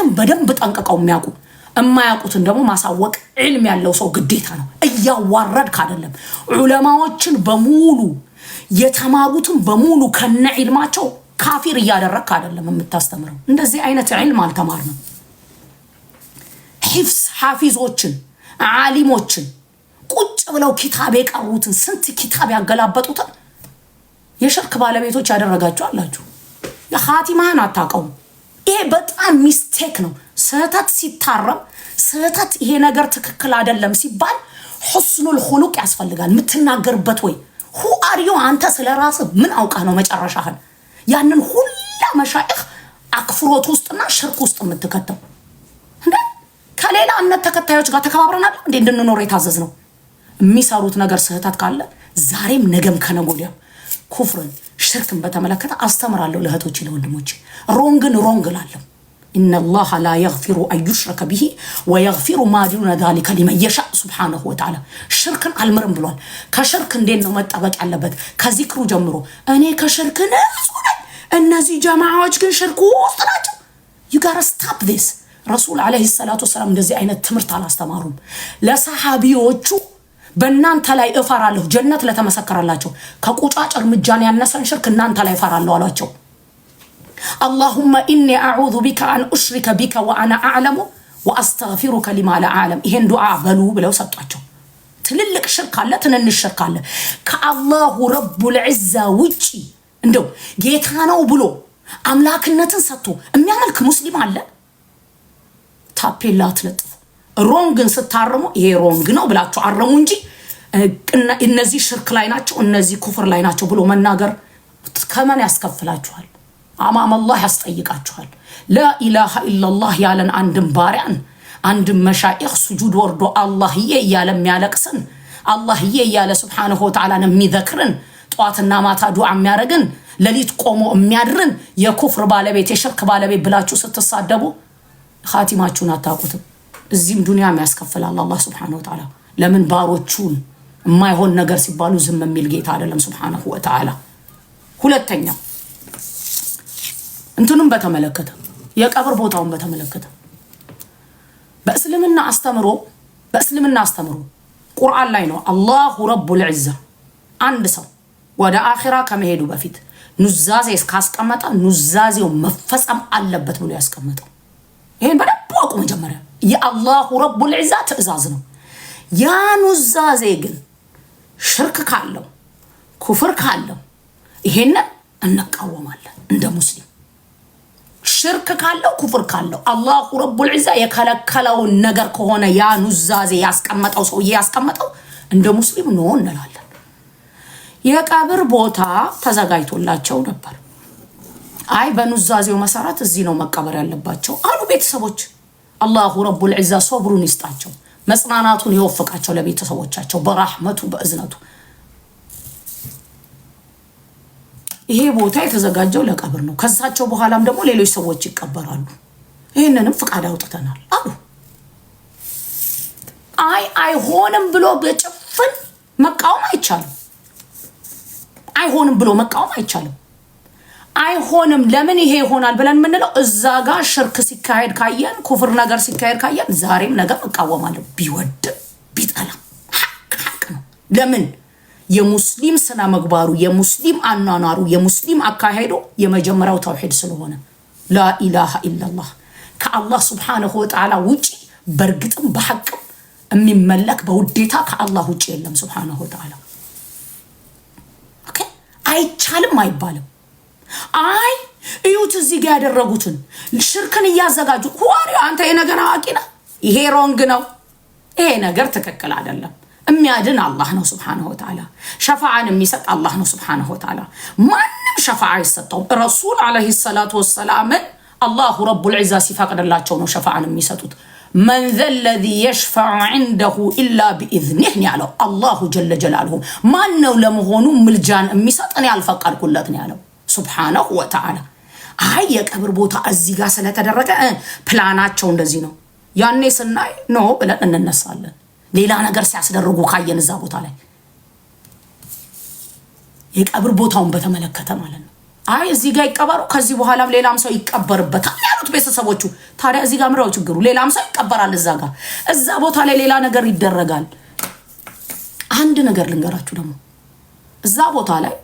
ሸሪዓትን በደንብ ጠንቅቀው የሚያውቁ የማያውቁትን ደግሞ ማሳወቅ ዕልም ያለው ሰው ግዴታ ነው። እያዋረድክ አይደለም። ዑለማዎችን በሙሉ የተማሩትን በሙሉ ከነ ዒልማቸው ካፊር እያደረግክ አይደለም የምታስተምረው። እንደዚህ አይነት ዒልም አልተማርንም። ሒፍስ ሓፊዞችን ዓሊሞችን ቁጭ ብለው ኪታብ የቀሩትን ስንት ኪታብ ያገላበጡትን የሽርክ ባለቤቶች ያደረጋቸው አላችሁ። የኻቲማህን አታውቀውም። ይሄ በጣም ሚስቴክ ነው። ስህተት ሲታረም ስህተት ይሄ ነገር ትክክል አይደለም ሲባል ሑስኑል ሁሉቅ ያስፈልጋል። የምትናገርበት ወይ ሁ አርዮ አንተ ስለ ራስህ ምን አውቀህ ነው መጨረሻህን ያንን ሁላ መሻይህ አክፍሮት ውስጥና ሽርክ ውስጥ የምትከተው ከሌላ እምነት ተከታዮች ጋር ተከባብረናል እንዴ እንድንኖር የታዘዝ ነው። የሚሰሩት ነገር ስህተት ካለ ዛሬም ነገም ከነጎዲያ ኩፍርን ሽርክን በተመለከተ አስተምራለሁ ለእህቶች ለወንድሞች። ሮንግን ሮንግ ላለሁ ኢነላሃ ላ የግፊሩ አንዩሽረከ ብሂ ወየግፊሩ ማ ዛሊከ ሊመን ሱብሓነሁ ወተዓላ። ሽርክን አልምርም ብሏል። ከሽርክ እንዴት ነው መጠበቅ ያለበት? ከዚክሩ ጀምሮ እኔ ከሽርክ ንጹህ ነኝ። እነዚህ ጀማዓዎች ግን ሽርክ ውስጥ ናቸው። ዩ ስታፕ ስ ረሱል ዓለይሂ ሰላቱ ወሰላም እንደዚህ አይነት ትምህርት አላስተማሩም ለሰሓቢዎቹ በእናንተ ላይ እፈራለሁ፣ ጀነት ለተመሰከረላቸው ከቁጫጭ እርምጃን ያነሰን ሽርክ እናንተ ላይ እፈራለሁ አሏቸው። አላሁመ ኢኒ አዑዙ ቢከ አን ኡሽሪከ ቢከ ወአነ አዕለሙ ወአስተግፊሩከ ሊማ ላ አዕለም። ይሄን ዱዓ በሉ ብለው ሰጧቸው። ትልልቅ ሽርክ አለ፣ ትንንሽ ሽርክ አለ። ከአላሁ ረቡል ዒዛ ውጪ እንደው ጌታ ነው ብሎ አምላክነትን ሰጥቶ የሚያመልክ ሙስሊም አለ። ታፔላ አትለጥፉ። ሮንግን ስታርሙ ይሄ ሮንግ ነው ብላችሁ አርሙ እንጂ እነዚህ ሽርክ ላይ ናቸው፣ እነዚህ ኩፍር ላይ ናቸው ብሎ መናገር ከመን ያስከፍላችኋል፣ አማም አላህ ያስጠይቃችኋል። ላኢላሃ ኢላላህ ያለን አንድን ባሪያን አንድን መሻይኽ ስጁድ ወርዶ አላህዬ እያለ የሚያለቅስን አላህዬ እያለ ስብሓንሁ ወተዓላን የሚዘክርን ጠዋትና ማታ ዱዓ የሚያደርግን ሌሊት ቆሞ የሚያድርን የኩፍር ባለቤት የሽርክ ባለቤት ብላችሁ ስትሳደቡ ኻቲማችሁን አታውቁትም። እዚህም ዱኒያም ያስከፍላል አላህ ስብሐነሁ ወተዓላ። ለምን ባሮቹን የማይሆን ነገር ሲባሉ ዝም የሚል ጌታ አይደለም ስብሐነሁ ወተዓላ። ሁለተኛ እንትኑም በተመለከተ የቀብር ቦታውን በተመለከተ በእስልምና አስተምሮ በእስልምና አስተምሮ ቁርአን ላይ ነው አላሁ ረቡል ዒዛ አንድ ሰው ወደ አኺራ ከመሄዱ በፊት ኑዛዜ እስካስቀመጠ ኑዛዜው መፈጸም አለበት ብሎ ያስቀመጠው። ይህን በደንብ አውቁ መጀመሪያ የአላሁ ረቡል ዒዛ ትዕዛዝ ነው። ያ ኑዛዜ ግን ሽርክ ካለው ኩፍር ካለው ይሄንን እንቃወማለን እንደ ሙስሊም። ሽርክ ካለው ኩፍር ካለው አላሁ ረቡል ዒዛ የከለከለውን ነገር ከሆነ ያ ኑዛዜ ያስቀመጠው ሰውዬ ያስቀመጠው እንደ ሙስሊም ኖ እንላለን። የቀብር ቦታ ተዘጋጅቶላቸው ነበር። አይ በኑዛዜው መሰረት እዚህ ነው መቀበር ያለባቸው አሉ ቤተሰቦች አላሁ ረቡል ዒዛ ሶብሩን ይስጣቸው፣ መጽናናቱን የወፈቃቸው ለቤተሰቦቻቸው በራህመቱ በእዝነቱ። ይሄ ቦታ የተዘጋጀው ለቀብር ነው። ከዛቸው በኋላም ደግሞ ሌሎች ሰዎች ይቀበራሉ። ይህንንም ፍቃድ አውጥተናል አሉ። አይ አይሆንም ብሎ በጭፍን መቃወም አይቻልም። አይሆንም ብሎ መቃወም አይቻልም። አይሆንም። ለምን ይሄ ይሆናል ብለን የምንለው እዛ ጋር ሽርክ ሲካሄድ ካየን፣ ኩፍር ነገር ሲካሄድ ካየን፣ ዛሬም ነገር እቃወማለሁ። ቢወድም ቢጠላም ሀቅ ሀቅ ነው። ለምን የሙስሊም ስነ ምግባሩ፣ የሙስሊም አኗኗሩ፣ የሙስሊም አካሄዱ የመጀመሪያው ተውሂድ ስለሆነ ላኢላሃ ኢላላህ ከአላህ ስብሓንሁ ወተዓላ ውጪ በእርግጥም በሐቅም የሚመለክ በውዴታ ከአላህ ውጭ የለም። ስብሓንሁ ወተዓላ አይቻልም አይባልም። አይ እዩት፣ እዚህ ጋር ያደረጉትን ሽርክን እያዘጋጁ ዋሪ አንተ የነገር አዋቂ ነህ። ይሄ ሮንግ ነው። ይሄ ነገር ትክክል አይደለም። የሚያድን አላህ ነው ስብሓነሁ ወተዓላ። ሸፋዓን የሚሰጥ አላህ ነው ስብሓነሁ ወተዓላ። ማንም ሸፋዓ አይሰጠውም። ረሱል ዓለይሂ ሰላቱ ወሰላምን አላሁ ረቡል ዒዛ ሲፈቅድላቸው ነው ሸፋዓን የሚሰጡት። መን ዘለዚ የሽፈዑ ዒንደሁ ኢላ ቢኢዝኒህ ያለው አላሁ ጀለ ጀላልሁ። ማን ነው ለመሆኑ ምልጃን የሚሰጥ እኔ አልፈቀድኩለት ነው ያለው። ሱብሓነሁ ወተዓላ። አይ የቀብር ቦታ እዚህ ጋር ስለተደረገ ፕላናቸው እንደዚህ ነው፣ ያኔ ስናይ ኖ ብለን እንነሳለን። ሌላ ነገር ሲያስደርጉ ካየን እዛ ቦታ ላይ የቀብር ቦታውን በተመለከተ ማለት ነው። አይ እዚህ ጋር ይቀበሩ፣ ከዚህ በኋላም ሌላም ሰው ይቀበርበታል ያሉት ቤተሰቦቹ። ታዲያ እዚህ ጋር ምራው ችግሩ፣ ሌላም ሰው ይቀበራል እዛ ጋር፣ እዛ ቦታ ላይ ሌላ ነገር ይደረጋል። አንድ ነገር ልንገራችሁ ደግሞ እዛ ቦታ ላይ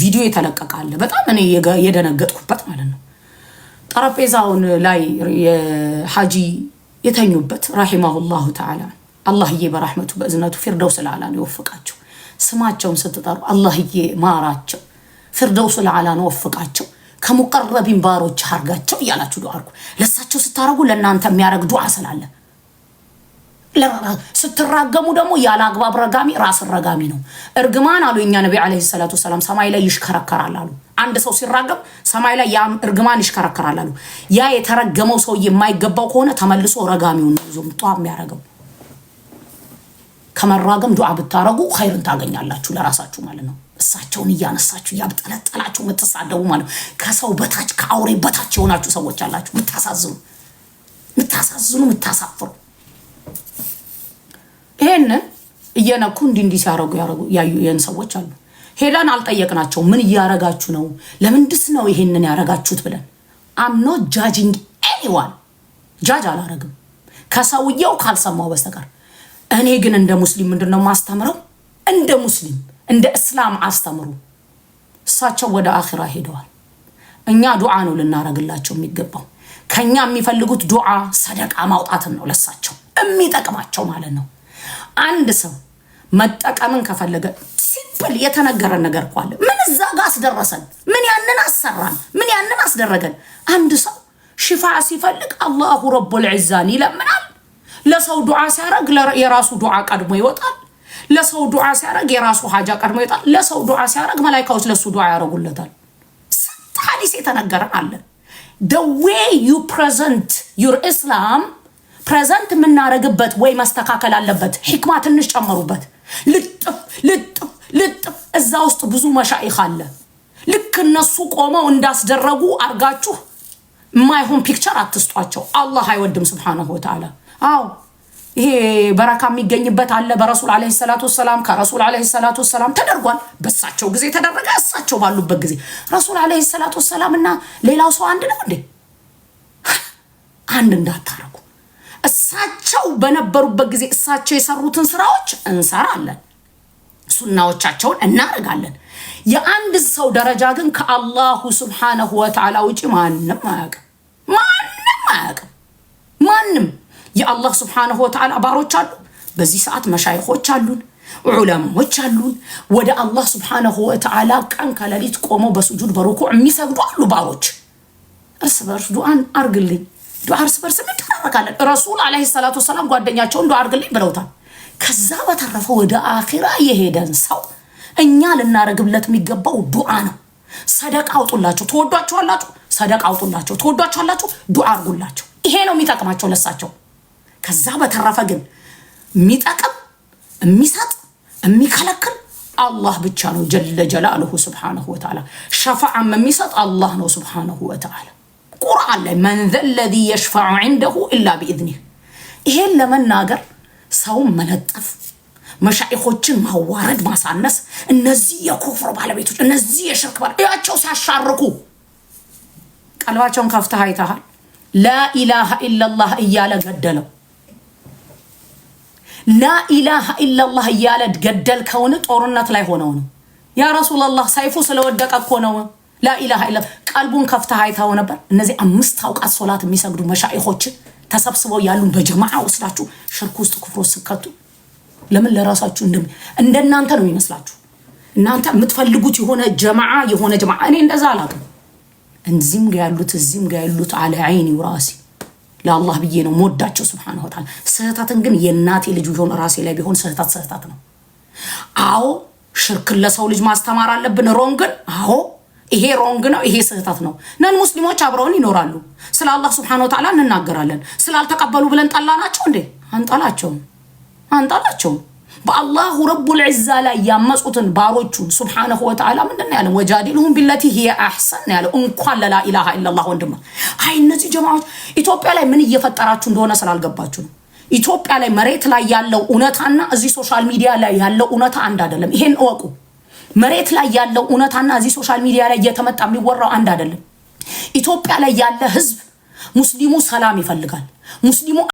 ቪዲዮ የተለቀቀ አለ። በጣም እኔ የደነገጥኩበት ማለት ነው። ጠረጴዛውን ላይ የሐጂ የተኙበት ራሒማሁላሁ ተዓላ አላህዬ በራሕመቱ በእዝነቱ ፊርደውስ ለዓላ ነው የወፍቃቸው። ስማቸውን ስትጠሩ አላህዬ ማራቸው፣ ፊርደውስ ለዓላ ነው ወፍቃቸው፣ ከሙቀረቢን ባሮች አርጋቸው እያላችሁ ዱዓ አርጉ። ለእሳቸው ስታረጉ ለእናንተ የሚያደርግ ዱዓ ስላለ ስትራገሙ ደግሞ ያለ አግባብ ረጋሚ ራስ ረጋሚ ነው። እርግማን አሉ እኛ ነቢ ዓለይሂ ሰላቱ ሰላም ሰማይ ላይ ይሽከረከራል አሉ። አንድ ሰው ሲራገም ሰማይ ላይ ያ እርግማን ይሽከረከራል አሉ። ያ የተረገመው ሰው የማይገባው ከሆነ ተመልሶ ረጋሚውን ነው ይዞ የሚያደርገው። ከመራገም ዱዓ ብታረጉ ኸይርን ታገኛላችሁ ለራሳችሁ ማለት ነው። እሳቸውን እያነሳችሁ እያብጠለጠላችሁ የምትሳደቡ ማለት ነው። ከሰው በታች ከአውሬ በታች የሆናችሁ ሰዎች አላችሁ። ምታሳዝኑ ምታሳዝኑ ምታሳፍሩ ይሄንን እየነኩ እንዲህ እንዲህ ሲያረጉ ያዩ ይህን ሰዎች አሉ። ሄዳን አልጠየቅናቸው። ምን እያረጋችሁ ነው? ለምንድስ ነው ይሄንን ያረጋችሁት? ብለን አምኖ ጃጅንግ ኤኒዋን ጃጅ አላረግም ከሰውየው ካልሰማው በስተቀር። እኔ ግን እንደ ሙስሊም ምንድን ነው ማስተምረው? እንደ ሙስሊም እንደ እስላም አስተምሩ። እሳቸው ወደ አኺራ ሄደዋል። እኛ ዱዓ ነው ልናረግላቸው የሚገባው። ከኛ የሚፈልጉት ዱዓ፣ ሰደቃ ማውጣትን ነው ለሳቸው የሚጠቅማቸው ማለት ነው። አንድ ሰው መጠቀምን ከፈለገ ሲምፕል የተነገረን ነገር እኮ አለ። ምን እዛ ጋር አስደረሰን? ምን ያንን አሰራን? ምን ያንን አስደረገን? አንድ ሰው ሽፋ ሲፈልግ አላሁ ረቡል ዒዛን ይለምናል። ለሰው ዱዓ ሲያረግ የራሱ ዱዓ ቀድሞ ይወጣል። ለሰው ዱዓ ሲያረግ የራሱ ሀጃ ቀድሞ ይወጣል። ለሰው ዱዓ ሲያረግ መላይካዎች ለሱ ዱዓ ያደረጉለታል። ስንት ሀዲስ የተነገረን አለ። ደዌ ዩ ፕሬዘንት ዩር your ፕሬዘንት የምናደርግበት ወይ መስተካከል አለበት። ሂክማ ትንሽ ጨምሩበት። ልጥፍ ልጥፍ ልጥፍ እዛ ውስጥ ብዙ መሻይኽ አለ። ልክ እነሱ ቆመው እንዳስደረጉ አርጋችሁ የማይሆን ፒክቸር አትስጧቸው። አላህ አይወድም ስብሓነሁ ወተዓላ። አዎ ይሄ በረካ የሚገኝበት አለ። በረሱል ዓለይሂ ሰላቱ ወሰላም ከረሱል ዓለይሂ ሰላቱ ወሰላም ተደርጓል። በእሳቸው ጊዜ ተደረገ። እሳቸው ባሉበት ጊዜ ረሱል ዓለይሂ ሰላቱ ወሰላም እና ሌላው ሰው አንድ ነው እንዴ? አንድ እንዳታረጉ እሳቸው በነበሩበት ጊዜ እሳቸው የሰሩትን ስራዎች እንሰራለን፣ ሱናዎቻቸውን እናደርጋለን። የአንድ ሰው ደረጃ ግን ከአላሁ ስብሓነሁ ወተዓላ ውጪ ማንም አያውቅም። ማንም አያውቅም። ማንም የአላህ ስብሓነሁ ወተዓላ ባሮች አሉ። በዚህ ሰዓት መሻይኾች አሉን፣ ዑለማዎች አሉን። ወደ አላህ ስብሓነሁ ወተዓላ ቀን ከሌሊት ቆመው በሱጁድ በሩኩዕ የሚሰግዱ አሉ ባሮች። እርስ በርስ ዱዓን አርግልኝ ዱዓ እርስ በርስ እንደራረጋለን። ረሱል ዓለይሂ ሰላቱ ወሰላም ጓደኛቸውን ዱዓ አድርግልኝ ብለውታል። ከዛ በተረፈ ወደ አኺራ የሄደን ሰው እኛ ልናረግለት የሚገባው ዱዓ ነው። ሰደቃ አውጡላቸው፣ ትወዷቸዋላችሁ። ሰደቃ አውጡላቸው፣ ትወዷቸዋላችሁ። ዱዓ አድርጉላቸው። ይሄ ነው የሚጠቅማቸው ለሳቸው። ከዛ በተረፈ ግን የሚጠቅም የሚሰጥ የሚከለክል አላህ ብቻ ነው። ጀለ ጀላልሁ ስብሓነሁ ወተዓላ ሸፋዓም የሚሰጥ አላህ ነው ስብሓነሁ ወተዓላ ቁርአን ላይ መንዘ ለዚ የሽፋዑ ዐንደሁ ኢላ ቢኢዝኒህ። ይሄን ለመናገር ሰውን መለጠፍ፣ መሻይኮችን ማዋረድ፣ ማሳነስ እነዚህ የኩፍር ባለቤቶች እነዚህ የሽርክ ባለቤቶቻቸው ሲያሻርኩ ቀልባቸውን ከፍተህ አይተሃል። ላኢላሃ ኢለላህ እያለ ገደለው። ላኢላሃ ኢለላህ እያለ ገደልከውን ጦርነት ላይ ሆነው ነው። ያ ረሱላላህ ሰይፉ ስለወደቀ እኮ ነው ላኢላሃ ኢላ ቀልቡን ከፍተህ አይተኸው ነበር። እነዚህ አምስት አውቃት ሶላት የሚሰግዱ መሻይኾችን ተሰብስበው ያሉን በጀማዓ ወስዳችሁ ሽርክ ውስጥ ክፍሮ ስከቱ ለምን ለራሳችሁ እንደናንተ ነው ይመስላችሁ? እናንተ የምትፈልጉት የሆነ ጀማዓ የሆነ ጀማዓ እኔ እንደዛ አላቅም። እዚህም ጋ ያሉት እዚህም ጋ ያሉት አለ አይኒ ራሲ ለአላህ ብዬ ነው መወዳቸው ስብሓነሁ ወተዓላ። ስህተትን ግን የእናቴ ልጅ ቢሆን ራሴ ላይ ቢሆን ስህተት ስህተት ነው። አዎ ሽርክን ለሰው ልጅ ማስተማር አለብን። ሮንግን አዎ ይሄ ሮንግ ነው፣ ይሄ ስህተት ነው። ነን ሙስሊሞች አብረውን ይኖራሉ። ስለ አላህ ስብሐነ ወተዓላ እንናገራለን። ስላልተቀበሉ ብለን ጠላናቸው እንዴ? አንጠላቸውም፣ አንጠላቸውም። በአላሁ ረቡል ዒዛ ላይ ያመፁትን ባሮቹን ስብሐነሁ ወተዓላ ምንድን ነው ያለ? ወጃዲልሁም ቢለቲ ሂየ አሕሰን ያለ። እንኳን ለላ ኢላሃ ኢለላህ ወንድማ። አይ እነዚህ ጀማዎች ኢትዮጵያ ላይ ምን እየፈጠራችሁ እንደሆነ ስላልገባችሁ ነው። ኢትዮጵያ ላይ መሬት ላይ ያለው እውነታና እዚህ ሶሻል ሚዲያ ላይ ያለው እውነታ አንድ አይደለም። ይሄን እወቁ። መሬት ላይ ያለው እውነታና እዚህ ሶሻል ሚዲያ ላይ እየተመጣ የሚወራው አንድ አይደለም። ኢትዮጵያ ላይ ያለ ህዝብ ሙስሊሙ ሰላም ይፈልጋል። ሙስሊሙ